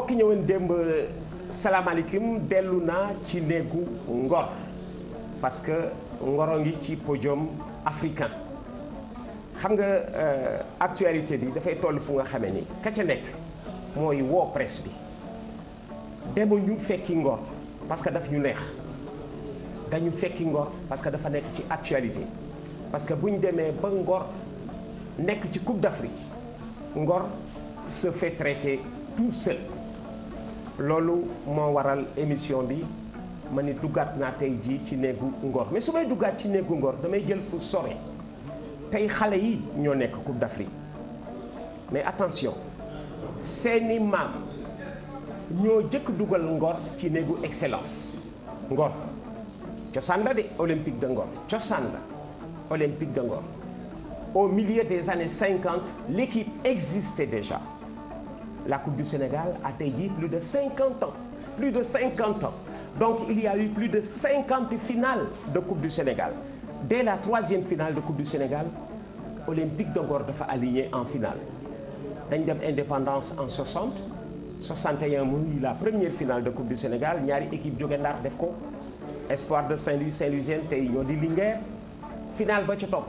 mbokki ñëween démb salaamaaleykum dellu naa ci néegu ngor parce que ngoro ngi ci podium africain xam nga euh, actualité bi dafay toll fu nga xamee ni ka ca nekk mooy woo presse bi dema ñu fekki ngor parce que daf ñu neex dañu fekki ngor parce que dafa nekk ci actualité parce que bu demee ba ngor nekk ci Coupe d'Afrique ngor se fait tout seul loolu moo waral émission bi ma ni duggaat naa tey jii ci néegu ngor mais su may duggaat ci néegu ngor damay jël fu sore tey xale yi ñoo nekk Coupe d'Afrique mais attention seeni maam ñoo jëkk dugal ngor ci néegu excellence ngor cosaan la de olympique de ngor cosaan la olympique de ngor au milieu des années 50 l'équipe déjà la Coupe du Sénégal a tey jii plus de cinquante ans plus de cinquante ans donc il y eu plus de cinquante finales de Coupe du Sénégal dès la troisième finale de Coupe du Sénégal Olympique de Ngor dafa aligné en finale dañ dem indépendance en 60 61 muy la première finale de Coupe du Sénégal ñaari équipe jóge Ndar def ko Espoir de Saint-Louis Saint-Louisienne tey ñoo di Linguère finale ba ca topp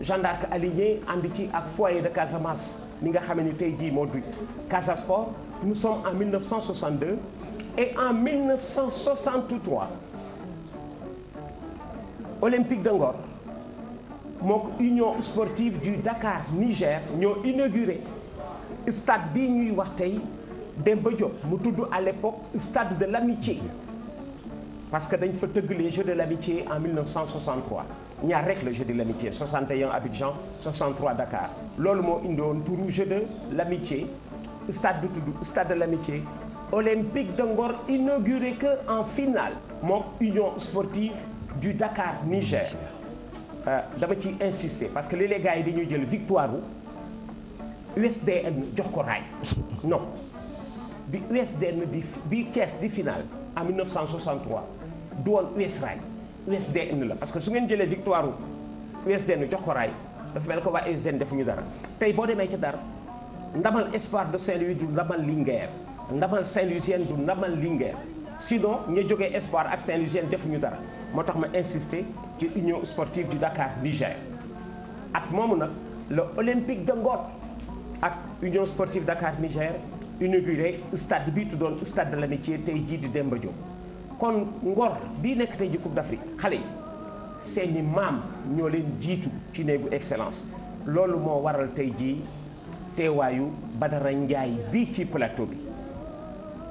Jeanne d'Arc aligné ci ak foyer de Casamance li nga xam ni tey jii moo du Casa Sport nous sommes en 1962 et en 1963 Olympique de Ngor mook Union sportive du Dakar Niger ñoo inauguré stade bi ñuy wax tey Demba Diop mu tudd à l'époque stade de l'amitié parce que dañ fa tëgg les Jeux de l'amitié en 1963 ñaar rek la Jeux de l'amitié 61 Abidjan 63 Dakar loolu moo indoon turu Jeux de l'amitié stade bi tudd stade de l'amitié olympique de Ngor inauguré que en finale moom union sportive du Dakar Niger euh, dama ci insister parce que léeg-léeg gars yi dañuy jël victoire bu USDN jox ko raay non bi USDN di bi Thiès di finale en 1963 du woon US raay USDN la parce que su ngeen jëlee victoire n jox ko raay dafa mel ne ko waa USDN defuñu dara tey boo demee ci dara ndamal espoir de Saint-Louis du ndamal Linguère ndamal Saint-Louisienne du ndamal Linguère sinon ña jógee espoir ak Saint-Louisienne defuñu dara moo tax ma insister ci union sportive du Dakar Niger at moomu nag le Olympique de Ngor ak union sportive Dakar Niger inauguré stade bi tuddoon stade de l'amitié tey jii di Demba Diop kon Ngor bii nekk tey ji Coupe d'Afrique xale yi seeni maam ñoo leen jiitu ci néegu excellence loolu moo waral tey jii teewaayu Badara Ndiaye bii ci plateau bi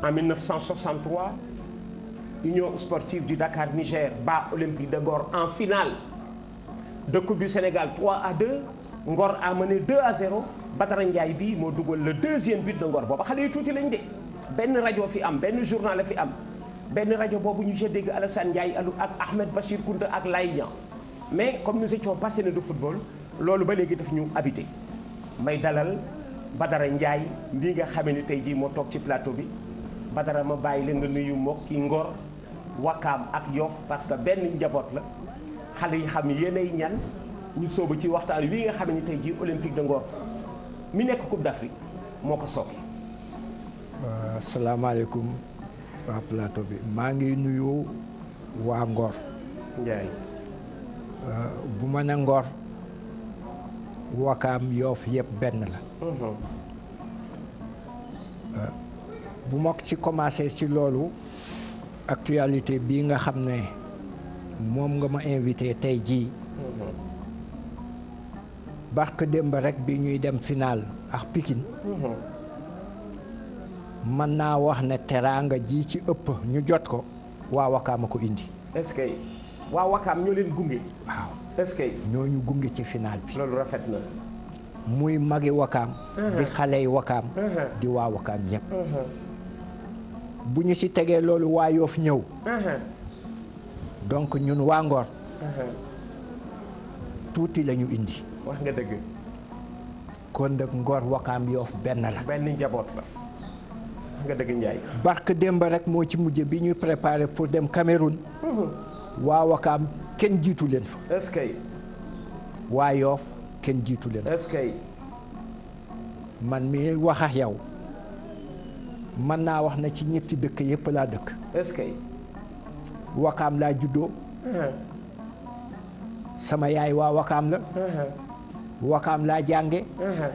en 1963 Union sportive du Dakar Niger ba Olympique de Ngor en finale de Coupe du Sénégal 3 à Ngor a mené 2 à 0 Badara Ndiaye bii moo dugal la deuxième but de Ngor booba xale yu tuuti lañ de benn rajo fi am benn journal la fi am benn rajo boobu ñu cee dégg Alassane Ndiaye alu ak Ahmed Bachir Kounta ak Laye Niang mais comme nous étions passionnés de football loolu ba léegi daf ñu habité may dalal Badara Ndiaye lii nga xamee ni tey jii moo toog ci plateau bi Badara ma bàyyi leen nga nuyu mbokki Ngor Wakaam ak Yoff parce que benn njaboot la xale yi xam yéenay ñan ñu sóobu ci waxtaan wi nga xam ne tey jii Olympique de Ngor. mi nekk Coupe d'Afrique moo ko sooke. asalaamaaleykum waa plateau bi maa ngi nuyu waa Ngor. bu ma ne Ngor Wakaam Yoof yëpp benn la. Mhm. bu ma ci commencé ci loolu actualité bii nga xam ne moom nga ma invité tey jii. Mhm. barke démb rek bi ñuy dem finaal ak Pikine mhm. mën naa wax ne teraanga ji ci ëpp ñu jot ko waa Wakaam a ko indi. ce que waa Wakaam ñoo leen gunge. waaw ñoo ñu gunge ci finaal bi. rafet na. muy magi Wakaam. Mhm. di xale yi mhm. di waa Wakaam ñëpp. bu ñu ci tegee loolu waa Yoff ñëw. donc ñun waa Ngor. tuuti la indi. wax nga dëgg. kon nag Ngor Wakaam Yoof benn la. benn njaboot la. wax nga dëgg Ndiaye. barke démb rek moo ci mujj bi ñuy préparé pour dem Cameroun. Mhm. waa Wakaam kenn jiitu leen fa. est kenn jiitu leen man mi wax ak yow mën naa wax na ci ñetti dëkk yëpp laa dëkk. est-ce que. Wakaam laa juddoo. Mhm. sama yaay waa Wakaam la. Mhm. wokaam laa jànge uh-huh.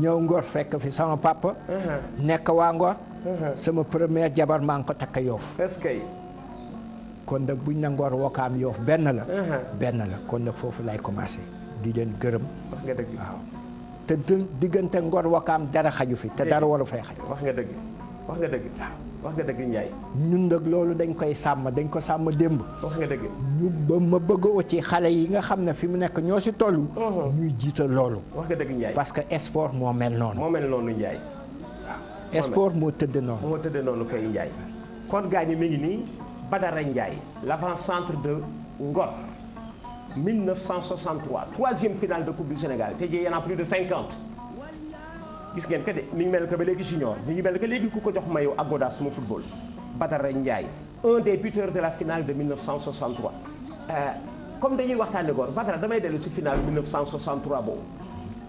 ñëw ngor fekk fi sama papa. Uh-huh. nekk waa ngor uh-huh. sama première jabar maa ngi ko takk yoof est-ce kon nag buñ na ngor wakaam yoof benn la benn la kon nag foofu lay commencé di leen gërëm nga dëgg waaw te diggante ngor wakaam dara xaju fi te dara waru fay xaj wax nga dëgg wax nga dëgg wax nga dëgg Ndiaye. ñun nag loolu dañ koy sàmm dañ ko sàmm démb. wax nga dëgg. ma bëgg a ci xale yi nga xam ne fi mu nekk ñoo si toll. Uh-huh. ñuy jiital loolu. wax nga dëgg Ndiaye. parce que sport moo mel noonu. moo mel noonu Ndiaye. waaw sport moo tëdd noonu. moo tëdd noonu kay Ndiaye. kon gaa ñi mi ngi nii Badara Ndiaye. l'avant-centre de Ngor. 1963 troisième finale de coupe Sénégal te jii y a plus de 50. gis ngeen que de ni mel que ba léegi junior ni ñu mel que léegi ku ko jox maillot ak godaas mu football Badara Ndiaye un des buteurs de la finale de 1963 euh, comme dañuy waxtaane góor Badara damay dellu si finale 1963 boobu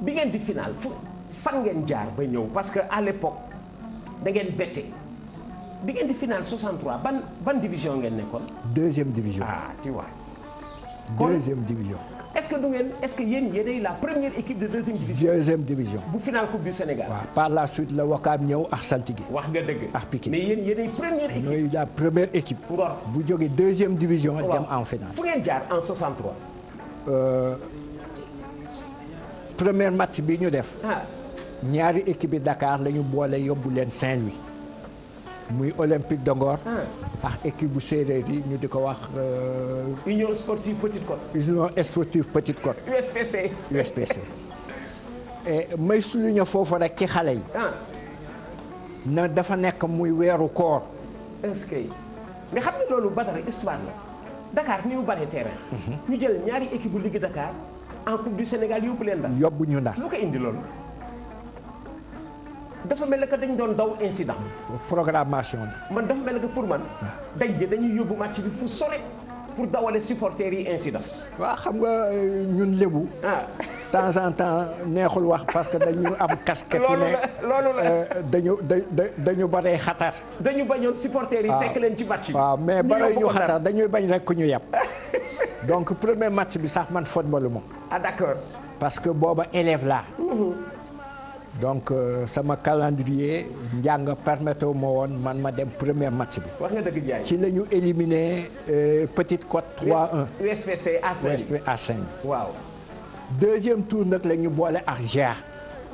bi ngeen di finale fu fan ngeen jaar ba ñëw parce que à l'époque da ngeen bette bi ngeen di finale 63 ban ban division ngeen nekkoon. deuxième division ah tu vois. deuxième division. est-ce que du ngeen est-ce que yéen yéenay la première équipe de deuxième division. deuxième division. bu final coupe du Sénégal. par la suite la Wakaam ñëw ak Saltigué. wax nga dëgg ak Pikine mais yéen yéenay première équipe. ñooy la première équipe. bu jógee deuxième division. dem en final fu ngeen jaar en 63. Euh, premier match bi ñu def. Ah. ñaari équipe yi Dakar lañu boole yóbbu leen Saint-Louis. muy olympique de Ngor. ak équipe bu séeréer yi ñu di ko wax. Euh, union sportive Petite Côte. union sportive Petite Côte. USPC. USPC may souligner foofu rek ci xale yi. Ah. na dafa nekk muy weeru koor. est xam nga loolu Badara histoire la dakaar ni mu bare terrain. Mhm. ñu jël ñaari équipe bu Ligue Dakar en coupe du Sénégal yóbbu leen Ndar. yóbbu ñu Ndar indi loolu. dafa mel na que dañ doon daw incident. programmation bi. man dafa mel ne que pour man. Ah. dañ de dañuy yóbbu match bi fu sore pour dawale supporters yi incident. waa xam nga euh, ñun lébu. Ah. temps en temps neexul wax parce que dañu am casquette. loolu la loolu la euh, dañu dañu baree xatar. dañu bañoon supporters yi ah. fekk leen ci match bi. waaw mais bare ñu xatar dañuy bañ rek ñu yàpp donc premier match bi sax man footballu ma. ah d'accord. parce que booba élève laa. Mhm. donc euh, sama calendrier njàng permettre ma woon man ma dem premier match bi. wax nga dëgg Ndiaye ci la ñu éliminé euh, Petite Côte 3-1. USPC A5 USPC waaw. deuxième tour nag la ñu boole ak GIA.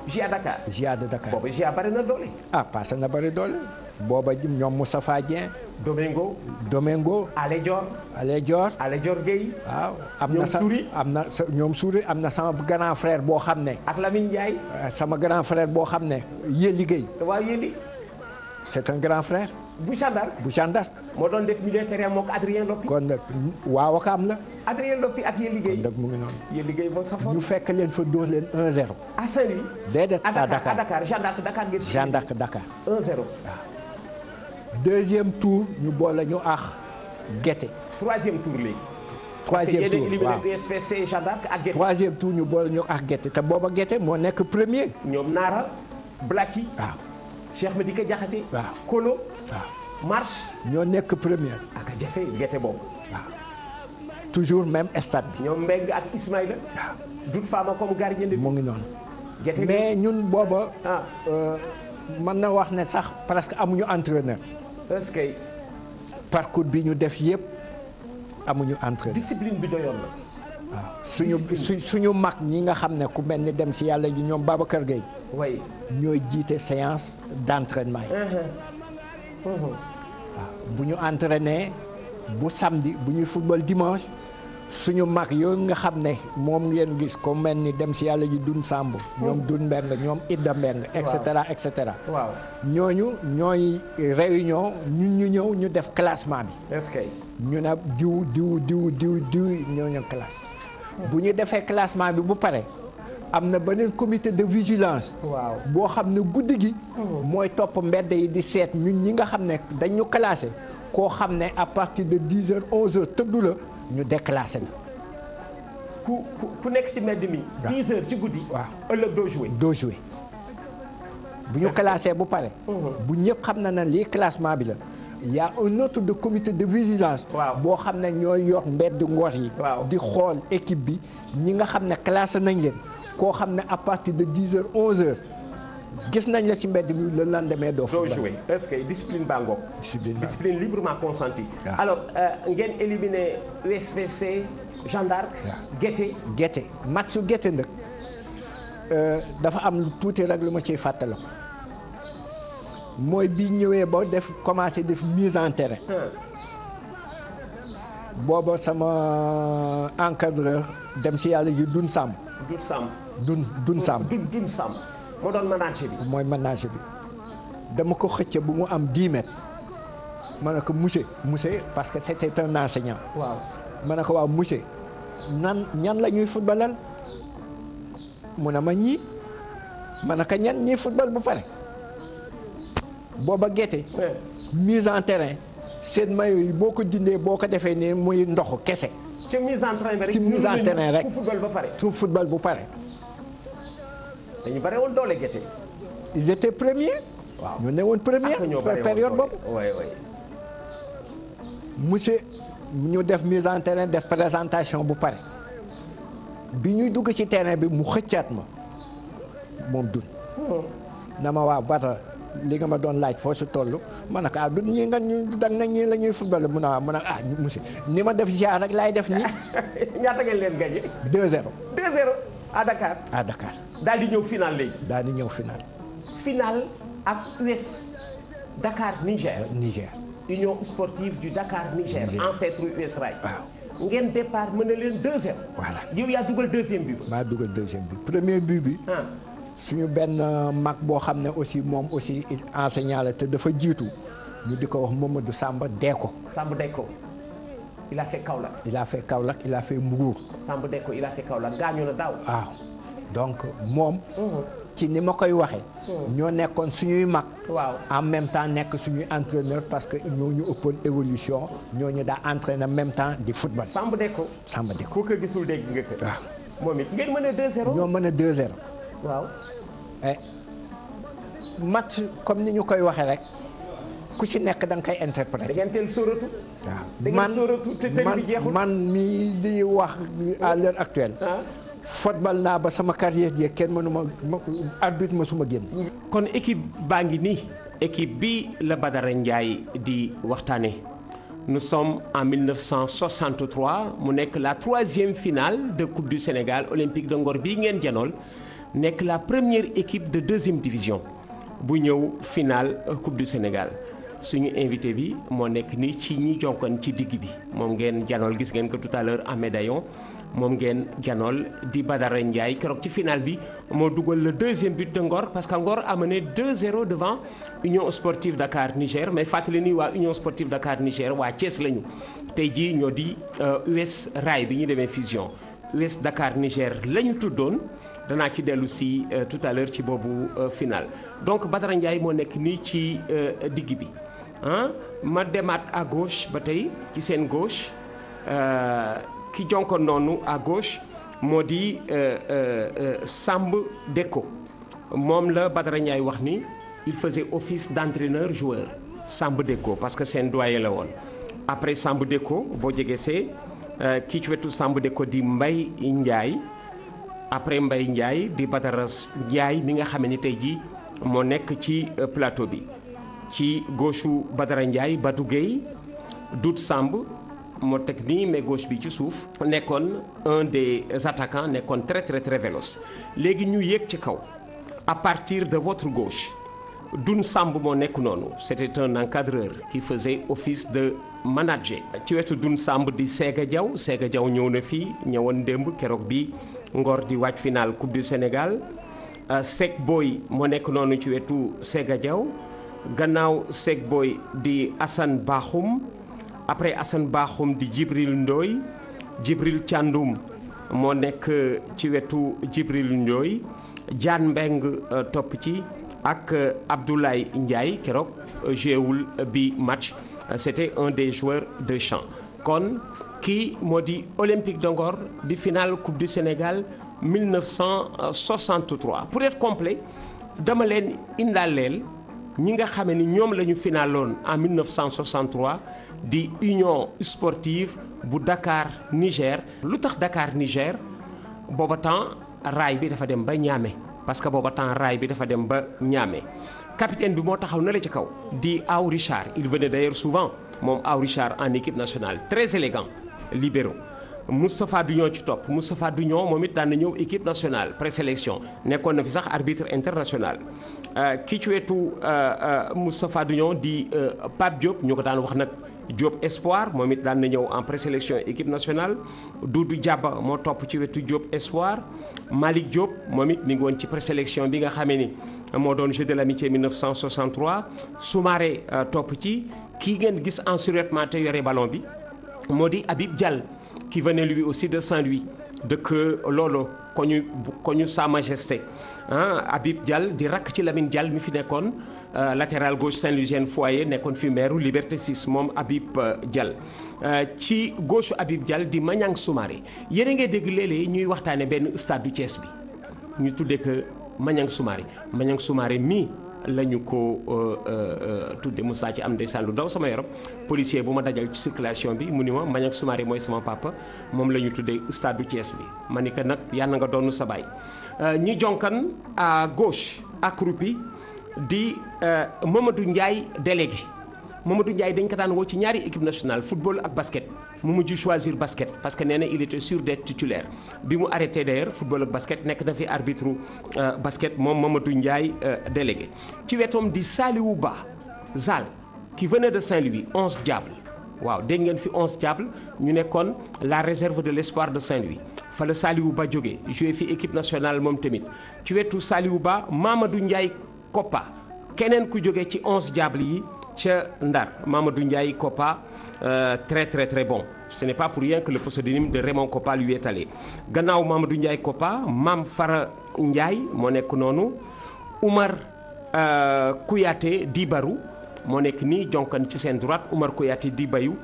GIA Dakar GIA de Dakar. boobu GIA bari na doole. ah passé na bari doole. booba ñoom Moustapha Dieng. Domingo. Domingo. Ale Dior. Ale Dior. Ale Dior Gueye. waaw na sa am na sa ñoom suuri am na sama grand frère boo xam ne. ak Lamine Ndiaye. Eh, sama grand frère boo xam ne Yéli liggéey waaw Yéli. c'est un grand frère. bu gendarme bu gendarme. moo doon def militaire mook Adrien Lopi. kon nag waaw ak am la. Adrien Lopi ak Yéli Gueye. kon nag mu ñu fekk leen fa dóor leen 1-0. à Saint-Louis. déedéet à Dakar à Dakar Jeanne d'Arc Dakar deuxième tour ñu boole ñu ax Guetté. troisième tour léegi. troisième tour waaw USPC Jeanne d'Arc ak Guetté. troisième tour ñu boole ñu ax Guetté te booba Guetté moo nekk premier. ñoom Nara Blacky. waaw Cheikh ma di waaw Kolo. waaw Marche. ñoo nekk premier. ak jafe Guetté boobu. waaw toujours même stade bi. ñoom Mbengue ak Ismaïla. waaw Doute mu ngi noonu. mais ñun booba. Ah. Euh, mën na wax ne sax presque amuñu entraîneur. est-ce que. parcours bi ñu def yëpp amuñu entraîneur. discipline bi doyoon na. waaw ah, su suñu mag ñi nga xam ne ku mel ni dem si yàlla ji ñoom Babacar Gueye. way ñooy jiite séance d'entraînement yi. waaw uh-huh. uh-huh. ah, bu ñu entraîné bu samedi bu ñuy football dimanche. suñu mag yooyu nga xam ne moom ngeen gis ko mel ni dem si yàlla ji dun sàmb ñoom hmm. dun mbeng ñoom idda mbeng et cetera et cetera waaw ñooñu ñooy réunion ñun ñu ñëw ñu def classement bi est-ce que ñu ne diw diw diw diw ñoo ñooñu classe bu ñu defee classement bi bu pare am na beneen commité de vigilance waaw boo xam ne guddi gi hmm. mooy topp mbedd yi di seet ñu ñi nga xam ne dañu classé koo xam ne à partir de dix heures onze heures tëddu la ñu déclassé na. ku ku nekk ci mbedd mi. waaw 10 ci guddi. waaw ëllëg doo joué. doo bu ñu classé bu pare. Mhm. bu ñëpp xam na ne lii classement bi la. y' a un de comité de vigilance. boo xam ne ñooy yor mbedd ngor yi. di xool équipe bi ñi nga xam ne classé nañ leen. koo xam ne à partir de 10 heures 11 heure gis nañ la si mbedd bi le lendemain doo doo jouer parce que discipline baa ngoog discipline librement consentie alors euh, ngeen éliminer USPC Jeanne d'Arc Guété Guété match su Guété nag euh, dafa am lu tuuti rek lu ma ciy fàttala ko mooy bi ñëwee ba def commencé def mise en terrain booba sama encadreur dem si yàlla ji dun sàmm dun sàmm dun dun sàmm dun sàmm moo doon ménage bi. mooy ménage bi dama ko xëcc bu mu am diimet ma ne ko monsieur monsieur parce que c'était un enseignant. waaw ma ne ko waaw monsieur nan ñan la ñuy footballal mu ne ma ñii ma na ko ñan ñii football bu pare booba gerte. mise en terrain seen mayo boo ko dindee boo ko defee nii muy ndoxu kese. ci mise en terrain rek ci mise en terrain rek. football ba pare. tout football bu pare. dañu bare woon doole gerte. ils étaient premiers. waaw ñu ne woon premier. période boobu oui oui. monsieur ñu def mise en terrain def présentation bu pare bi ñuy dugg ci terrain bi mu xëccaat ma moom dun hmm. na ma waaw bata li nga ma doon laaj foo si tollu ma ne ah du ñii nga ñu dag na ñii la ñuy football mun a mun a ah monsieur ni ma def jaar rek laay def nii. ñaata ngeen leen gagné. 2-0. à Dakar à Dakar. daal di ñëw final léegi. daal di ñëw final. final ak US Dakar Niger. Euh, Niger Union sportive du Dakar Niger. Niger. ancêtre US Rail. waaw ngeen départ mën na leen deuxième. voilà yow yaa dugal deuxième bi. maa dugal deuxième bi premier but bi. Ah. suñu benn mag boo xam ne aussi moom aussi enseignant la te dafa jiitu ñu di ko wax du sàmba dee ko Deko. Samba ko il a fait Kaolack. il a fait Kaolack il a fait Mbour. Samba Dekko il a fait Kaolack gaañu na daaw. waaw donc moom. Mhm. ci ni ma koy waxee. Mhm. ñoo nekkoon suñuy mag. waaw en même temps nekk suñuy entraîneur parce que ñoo ñu ëppoon évolution ñoo ñu daa entraîner en même temps di football. Samba Dekko Samba ko gisul dégg nga ko. waaw moom it mën a 2-0. ñoo mën a 2-0. waaw. Eh, match comme ni ñu koy waxee rek. ku ci nekk da nga koy interpréter. da ngeen teel sóoratu. waaw da ngeen man man mii di wax à l'heure actuelle. Ah. football naa ba sama carrière jeex kenn mënuma ma ma arbitre ma suma génn. kon équipe baa ngi nii. équipe bi la Badara Ndiaye di waxtaane nous sommes en 1963 mu nekk la troisième finale de coupe du Sénégal olympique de Ngor bii ngeen janool nekk la première équipe de deuxième division bu ñëw finale coupe du Sénégal suñu invité bi moo nekk nii ci ñi jonkon ci digg bi moom ngeen janool gis ngeen ko tout à l'heure en médaillon moom ngeen janool di Badara Ndiaye keroog ci final bi moo dugal le deuxième but de Ngor parce que Ngor a mené 2-0 devant Union Sportive Dakar Niger mais fàttale ni waa Union Sportive Dakar Niger waa Thiès lañu tey jii ñoo di US euh, Rail bi ñu demee fusion US Dakar Niger lañu ñu tuddoon danaa ci dellu si euh, tout ci boobu euh, final donc Badara Ndiaye moo nekk nii ci digg bi. ma demaat à ba tey ci seen gauche euh, ki jonko noonu à moo di euh, euh, Samb Deco moom la Badara Ndiaye wax ni il faisait office d'entraîneur joueur Samb Deco parce que seen doyen la woon après Samb Deco boo jege see kii ci wetu Samb Deco di mbay Ndiaye après mbay Ndiaye di Badara Ndiaye mi nga xam ni tey jii moo nekk ci plateau bi. ci gauche Badara Ndiaye Badou Gueye Dout Samb moo teg ni mais bi ci suuf nekkoon un des attaquants nekkoon très très très véloce léegi ñu yéeg ci kaw à partir de votre gauche Doun Samb moo nekk noonu c'était un encadreur qui faisait office de manager ci wetu Doun Samb di Séga Diaw Séga Diaw ñëw na fii ñëwoon démb keroog bi Ngor di wàcc finale Coupe du Sénégal euh, Seck Boy moo nekk noonu ci wetu Séga Diaw gannaaw Seck Boy di Assane Bakhoum après Assane Bakhoum di Djibril ndooy jibril Thiandoum moo nekk ci wetu Djibril ndooy Diane mbeng euh, topp ci ak euh, Abdoulaye Ndiaye keroog euh, jeewul bi match c'était un des joueurs de champ kon kii moo di Olympique de Ngor di finale Coupe du Sénégal 1963 pour être complet dama leen indaaleel ñi nga xamee ni ñoom la ñu finaloon en 1963 di union sportive bu Dakar Niger. lu tax Dakar Niger booba temps raay bi dafa dem ba ñaame parce que booba temps raay bi dafa dem ba Niamey capitaine bi moo taxaw na la ci kaw. di Aw Richard il venait d'ailleurs souvent moom Aw Richard en équipe nationale très élégant libéro Moustapha Dugnon ci topp Moustapha Dugnon moom it daan na ñëw équipe nationale présélection nekkoon na fi sax arbitre international euh, ki ci wetu euh, euh, Moustapha Dugnon di Pape Diop ñu ko daan wax nag Diop Espoir moom it daan na ñëw en présélection équipe nationale Doudou Diaba moo topp ci wetu Diop Espoir Malick Diop moom it mi ngi woon ci présélection bi nga xamee ni moo doon Jeu de l'amitié 1963 Soumaré topp ci kii ngeen gis en survêtement te yore ballon bi moo di Habib Diall. qui venait lui aussi de Saint-Louis dëkk Lolo koñu koñu ko ñu Sa Majesté ah Habib di rakk ci Lamine jàll mi fi nekkoon euh, latéral gauche Saint-Louisienne Foyer nekkoon fi maire Liberté 6 moom Habib euh, Diall euh, ci gauche Habib Diall di mañang Soumaré yéen a ngi dégg léeg ñuy waxtaane benn stade du Thiès bi ñu tuddee que Maniang Soumaré Maniang Soumaré mii la ñu ko euh, euh, euh, tudde mu saa ci am ndeysaan lu daw sama yaram policier bu ma dajal ci circulation bi mu ni ma Maniang Soumaré mooy sama papa moom la ñu tuddee stade du Thiès bi ma ni que nag yàlla nga doon sa baay ñi jonkan à gauche accroupi di Mamadou Ndiaye délégué Mamadou Ndiaye dañ ko daan woo ci ñaari équipe nationale football ak basket mu mujj choisir basket parce que nee na il était sûr d'être titulaire bi mu arrêté d'ailleurs football ak basket nekk na fi arbitre euh, basket moom Mamadou Ndiaye euh, délégué ci wetam di wu baax Zal qui venait de Saint-Louis onze diables waaw dégg ngeen fi onze diables ñu nekkoon la réserve de l'espoir de Saint-Louis fa la Saliou Ba jógee joué fi équipe nationale moom tamit ci wetu Saliou Ba Mamadou Ndiaye Koppa keneen ku jóge ci onze diables yi ca Ndar Mamadou Ndiaye Kopa euh, très très très bon ce n'est pas pour rien le pseudonyme de Raymond Kopa lui est allé gannaaw Mamadou Ndiaye Kopa maam Fara Ndiaye moo nekk noonu Oumar euh, di Dibarou moo nekk nii jonkan ci seen droite Oumar di bayu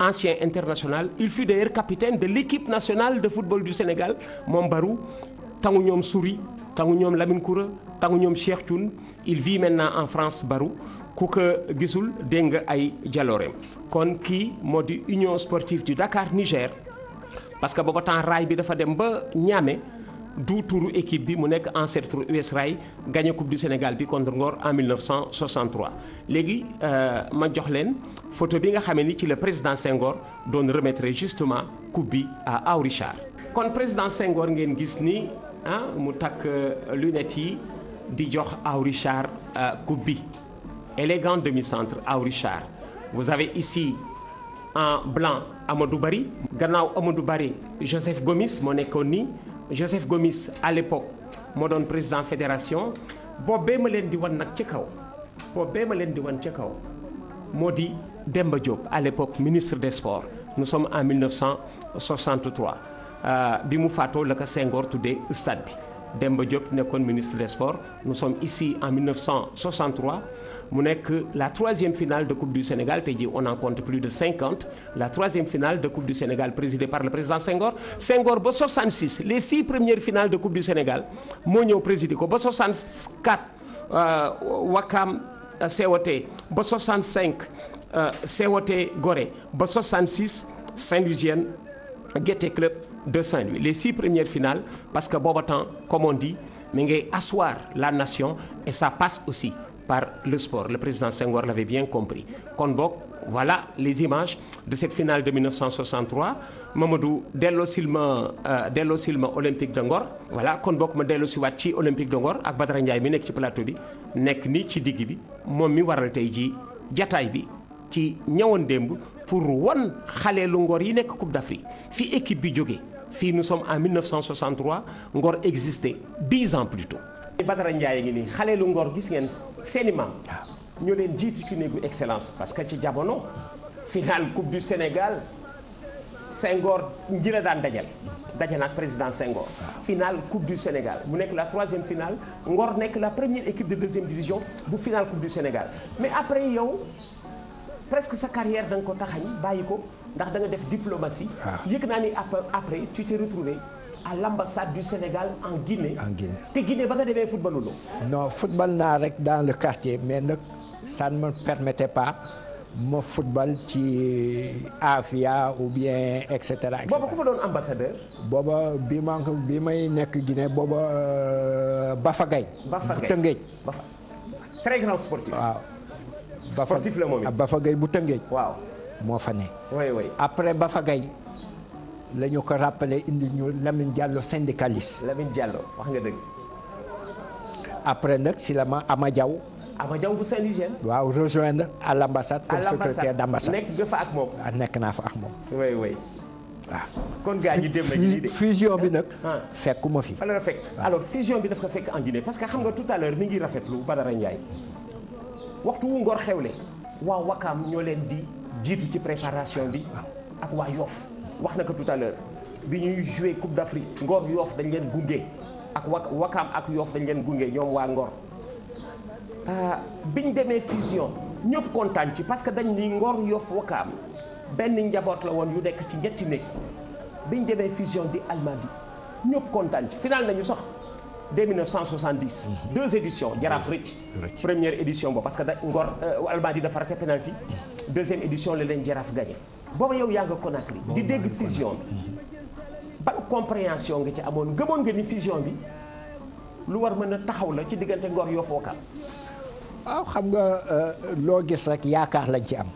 ancien international il fut d'ailleurs capitaine de l'équipe nationale de football du Sénégal moom Barou tangu ñoom Souris tangu ñoom Lamine Koura tangu ñoom Cheikh Thioune il vit maintenant en France baru ku ko gisul dégg nga ay jalooreem kon kii moo di Union sportive du Dakar Niger parce que booba temps raay bi dafa dem ba ñame du turu équipe bi mu nekk ancêtre US Rail gagné coupe du Sénégal bi contre Ngor en 1963 léegi euh, ma jox leen photo bi nga xame ni ci le président Senghor doon remettre justement coupe bi à kon président Senghor ngeen gis ni ah mu takk euh, lunettes yi di jox Aw Richard euh, bi. élégant demi-centre à Richard. Vous avez ici en blanc Amadou Bari, gannaaw du Bari Joseph Gomis moo nekkoon nii Joseph Gomis à l'époque moo doon président fédération boobee ma leen di wan nag ci kaw boobee ma leen di wan ci kaw moo di Demba Diop à l'époque ministre des sports nous sommes en 1963 euh, bi mu fàttoo la ko Senghor tuddee stade bi Demba Diop nekkoon ministre des sports nous sommes ici en 1963 mu nekk la troisième finale de coupe du Sénégal tey jii on en compte plus de cinquante la troisième finale de coupe du Sénégal présidée par le président Senghor Senghor ba 66 les six premières finales de coupe du Sénégal moo ñëw présidé ko ba 64 Wakam COT ba 65 euh, COT Gorée ba 66 Saint-Louisienne Guété Club de Saint-Louis les six premières finales parce que booba temps comme on dit mi ngay asseoir la nation et ça passe aussi par le sport. Le président Senghor l'avait bien compris. Konbok, voilà les images de cette finale de 1963. Mamadou, dello silma, euh, dello silma olympique de Ngor. kon Konbok ma dello si waat ci olympique de Ngor ak Badara mi nekk ci plateau bi nekk nii ci digg bi moom mi waral tey jii jataay bi ci ñëwoon démb pour wan xaleelu Ngor yi nekk Coupe d'Afrique fi équipe bi jógee fii nous sommes en 1963 Ngor existait dix ans plus tôt. Badara Ndiaye ngi nii xaleelu ngor gis ngeen seeni maam ñoo leen jiitu ci néegu excellence parce que ci jamono finale coupe du Sénégal Senghor nji la daan dajal daje naag président Senghor. finale coupe du Sénégal mu nekk la troisième final Ngor nekk la première équipe de deuxième division bu finale coupe du Sénégal mais après yow presque sa carrière da nga ko taxañ bàyyi ko ndax da nga def diplomatie. yëg naa ni après tu t'es à l'ambassade du Sénégal en Guinée. en Guinée te Guinée ba nga demee footballuloo. non football naa rek dans le quartier mais nag ça ne me permettait pas ma football ci Afia ou bien et cetera et booba ku fa doon ambassadeur. booba bi ma bi may nekk Guinée booba euh, Bafa Gaye. Bafa bu Tëngéej. très bu Tëngéej. moo fa ne. après Bafa Gaye. la ñu ko rappelé indi ñu Lamine Diallo syndicaliste. Lamine jàlloo wax nga dëgg. après nag si la ma Ama Diaw. Ama jaw bu Saint-Louisien. waaw rejoindre à l' ambassade. comme secrétaire d' ambassade nekk nga fa ak moom. ah nekk naa fa ak moom. oui oui. waaw ah. kon gars ñi dem nañu de fusion bi nag. Ah. fekkuma fi. fan la fekk ah. alors fusion bi dafa fekk en parce que xam nga tout à l'heure mi ngi rafetlu Badara Ndiaye waxtu wu Ngor xewle waa Wakaam ñoo leen di jiitu ci préparation bi ak waa Yoff. wax na ko tout à bi ñuy joué coupe d'Afrique Ngor yoof dañ leen gunge ak wa Wakaam ak yoof dañ leen gunge ñoom waa Ngor ah, ñu demee fusion ñëpp kontaan ci parce que dañ ni Ngor Yoff Wakaam benn njaboot la woon yu nekk ci ñetti néeg bi ñu demee fusion di Almadi ñëpp kontaan ci final nañu sax dès 1970. Mhm. deux éditions jaraaf rëcc. première édition boobu parce que da Ngor euh, Almadi dafa raté penalty mhm. deuxième édition la leen jaraaf gagné. booba yow yaa nga Conakry di dégg fusion bi ban compréhension nga ci amoon gëmoon nga ni fusion bi lu war mën a taxaw la ci diggante Ngor Yoff Ouakam waaw xam nga euh, loo gis rek yaakaar lañ ci am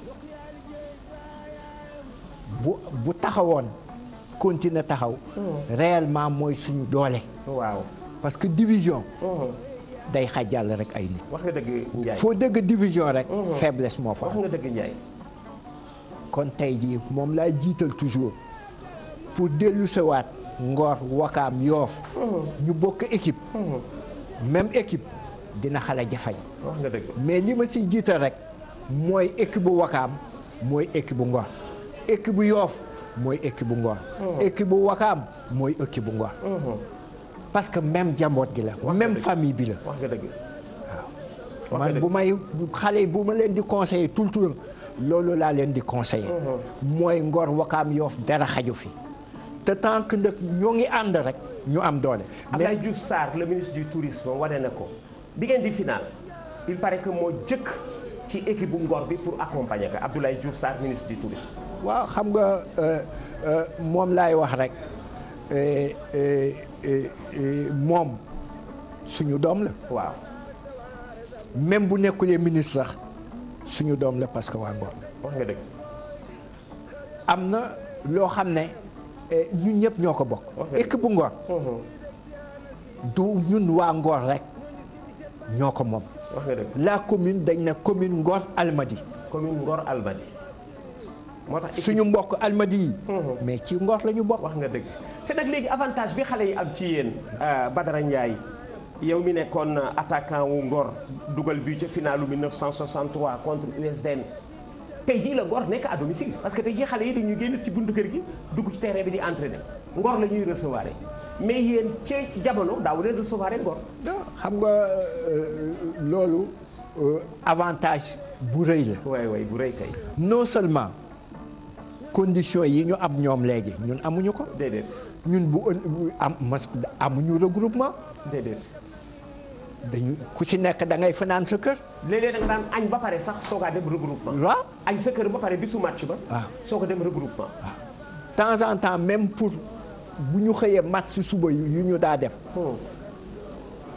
bu bu taxawoon continuer taxaw hmm. réellement mooy suñu doole waaw parce que division hmm. day xajal rek ay nit wax nga dëgg Ndiaye foo dëgg division rek hmm. faiblesse moo fa nga dëgg Ndiaye kon tey jii moom laa jiital toujours pour dellu sewaat Ngor Wakaam Yoof mhm. ñu bokk équipe mhm. même équipe dina xale jafañ mais li ma si jiital rek mooy équipe bu Wakaam mooy équipe bu Ngor équipe Yoof mooy bu Ngor mhm. équipe Wakaam mooy équipe bu Ngor parce que même jamboot gi la même famille bi la wax nga waaw man bu may xale bu ma leen di conseiller tout le loolu laa leen di conseiller mhm. mooy ngor wakaam yoof dara xaju fi te tant que nag ñoo ngi ànd rek ñu am doole Abdoulaye Diouf saar la ministre du tourisme wane na ko bi ngeen di final il paraît que moo jëkk ci équipe bu ngor bi pour accompagner ko Abdoulaye Diouf Sarr ministre du tourisme waaw xam nga euh, euh, moom laay wax rek euh, moom suñu doom la waaw même bu nekkulee ministre sax suñu doom la parce que waa Ngor wax am na loo xam ne eh, ñu ñëpp ñoo ko bokk équipe bu ngoor mm-hmm. du ñun waa ngoor rek ñoo ko moom la commune dañ na commune ngoor Almadi commune Ngor Almadi moo tax suñu mbokk almadi yi. Mm-hmm. mais ci ngoor la ñu bokk. wax nga dëgg te nag léegi avantage bi xale yi am ci yéen euh, Badara Ndiaye. yow mi nekkoon attaquant wu Ngor dugal bi ca finalu 1963 contre USDN tey jii la Ngor nekk à parce que tey jii xale yi dañuy génn ci buntu kër gi dugg ci terrain bi di entraîner Ngor la ñuy recevoir mais yéen ca jamono daaw leen recevoir Ngor. non xam nga euh, loolu euh, avantage bu rëy la. waaye waay bu rëy kay. non seulement conditions yi ñu am ñoom léegi ñun amuñu ko. déedéet ñun bu am mas amuñu groupement déedéet dañu ku si nekk da ngay fanaan sa kër. léeg-léeg da daan añ ba pare sax soogaa dem regroupement. waaw añ sa kër ba pare bisu match ba. waaw ah. soog a dem regroupement. waaw ah. temps en temps même pour bu ñu xëyee match suba yu ñu daa def. Hmm.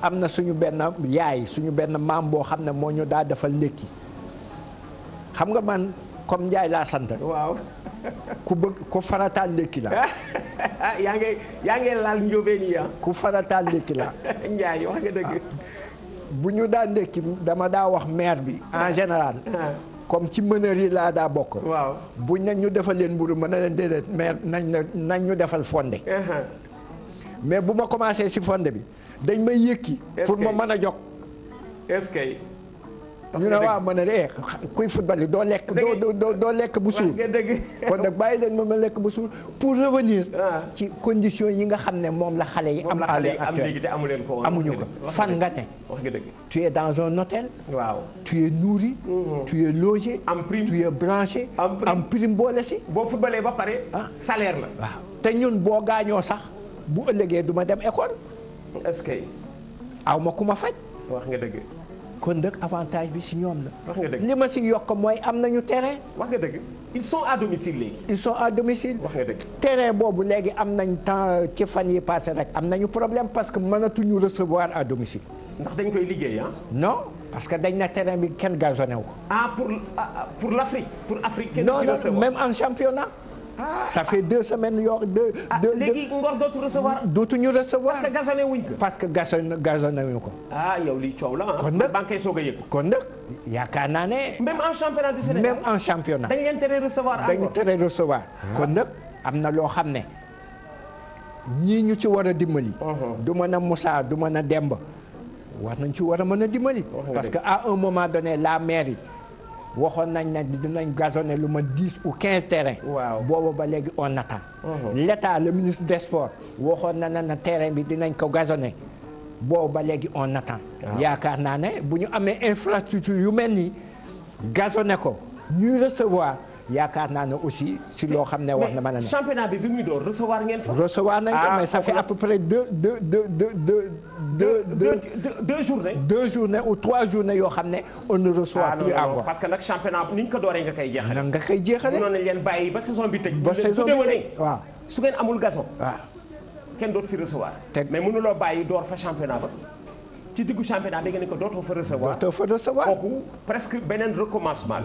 am na suñu benn yaay suñu benn maam boo xam ne moo ñu daa defal ndékki xam nga man comme Ndiaye laa sant. waaw ku bëgg ku farataal ndékki la. yaa ngi yaa ngi laal njóobeen yi ah. ku farataal ndékki la. Ndiaye wax nga ah, bu ñu daa ndékki dama daa wax maire bi en ah. général. comme ci meneur yi laa daa bokk. waaw buñ nañ ñu defal leen mburu mën na leen déedéet maire nañ nañ ñu defal fonde. mais bu ma commencé si fonde bi dañ may yëkki. pour ma mën a jog ñu ne waaw ma ne eh kuy football doo lekk doo doo lekk bu suur kon nag bàyyi leen moom la lekk bu suur pour revenir ah. ci condition yi nga xam ne moom la xale yi am à l'heure actuelle amuñu ko fan nga ne wax nga dëgg tu es dans un hôtel waaw tu es nourri mm-hmm. tu es logé en prime tu es branché en prime boole si boo footballee ba pare ah salaire la waaw te ñun boo gaañoo sax bu ëllëgee duma dem école est que aw ma ku ma faj wax nga dëgg kon nag avantage bi si ñoom la. wax nga dëgg li ma si yokk mooy am nañu terrain. wax nga dëgg ils sont à domicile léegi. ils sont à domicile. terrain boobu léegi am nañ temps euh, ci fan yi passé rek. am nañu problème parce que mënatuñu recevoir à domicile. ndax dañ koy liggéey ah. non parce que dañ na terrain bi kenn gazonné wu ko. ah pour ah, ah pour l'Afrique pour Afrique. kenn non non même en championnat. ça fait deux semaines yoo ah, deux. deux léegi Ngor dootu recevoir. dootu ñu recevoir parce que gazonné wuñ ko. parce que gazonné gazonné wuñ ko. ah yow li coow la ah. kon nag banque kon yaakaar naa ne. même en championnat du Sénégal en championnat. dañ leen tere recevoir dañ tere ah. kon nag am na loo xam ne ñii ñu ci war a dimbali. Uh-huh. du mën a Moussa du mën a Demba war nañ ci war a mën a dimbali. parce que à un moment donné la mairie. waxoon nañ ne dinañ gazonné lu ma dix ou quinze terrain waaw boobu ba léegi on attend uh-huh. l' état le ministre des sports waxoon na na terrain bi dinañ ko gazonné boobu ba léegi on attend ah. yaakaar naa ne bu ñu amee infrastructure yu mel nii gazonné ko ñuy recevoir yaakaar naa ne aussi si loo xam ne wax na mën a ne. championnat bi bi muy door recevoir ngeen fa. recevoir nañ ko ah, mais ça fait à peu près deux deux deux deux deux. deux deux deux journées. deux journées ou trois journées yoo xam ne on ne reçoit ah, plus encore. parce que nag championnat ni ñu ko dooree nga koy jeexalee. nga koy jeexalee noonu lañ leen bàyyi ba saison bi tëj. ba saison bi tëj waaw su ngeen amul gazon. waaw ah. kenn dootu fi recevoir. mais mënuloo bàyyi door fa championnat ba. ci diggu championnat da ngeen ko dootoo fa recevoir. dootoo fa recevoir kooku presque beneen recommencement